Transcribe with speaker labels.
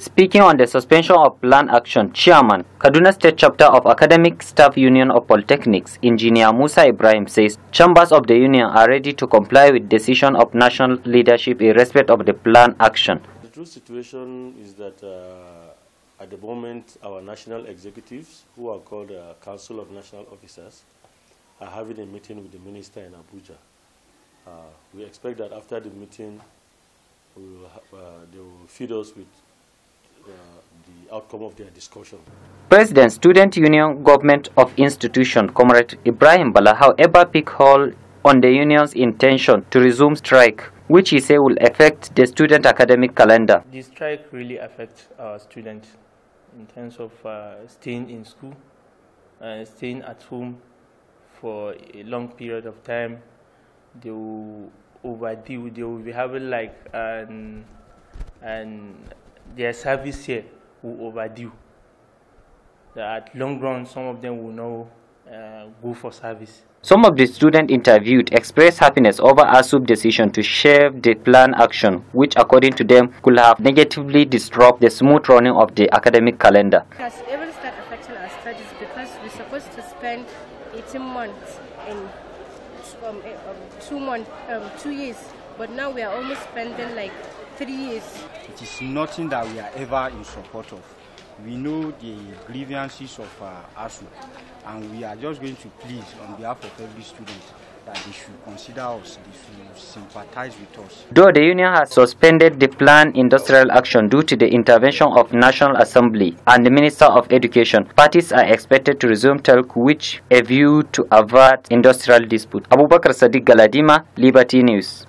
Speaker 1: Speaking on the suspension of plan action, Chairman, Kaduna State Chapter of Academic Staff Union of Polytechnics, Engineer Musa Ibrahim says chambers of the union are ready to comply with decision of national leadership in respect of the plan action.
Speaker 2: The true situation is that uh, at the moment our national executives, who are called uh, Council of National Officers, are having a meeting with the minister in Abuja. Uh, we expect that after the meeting, we will, uh, they will feed us with the outcome of their discussion.
Speaker 1: President Student Union Government of Institution Comrade Ibrahim Bala however pick hole on the union's intention to resume strike which he say will affect the student academic calendar.
Speaker 3: The strike really affects our students in terms of uh, staying in school, uh, staying at home for a long period of time. They will overdo. they will be having like an, an their service here will overdue. That long run, some of them will not uh, go for service.
Speaker 1: Some of the students interviewed expressed happiness over ASUB's decision to shelve the plan action, which according to them could have negatively disrupted the smooth running of the academic calendar.
Speaker 2: It has even started affecting our studies because we're supposed to spend 18 months in um, um two, month, um, two years, but now we are almost spending like three years.
Speaker 1: It is nothing that we are
Speaker 3: ever in support of. We know the grievances of uh, ASU, and we are just going to plead on behalf of every student that they should consider us, they should
Speaker 2: sympathize with us.
Speaker 1: Though the union has suspended the planned industrial action due to the intervention of National Assembly and the Minister of Education, parties are expected to resume talk which a view to avert industrial dispute. Abubakar Sadiq Galadima, Liberty News.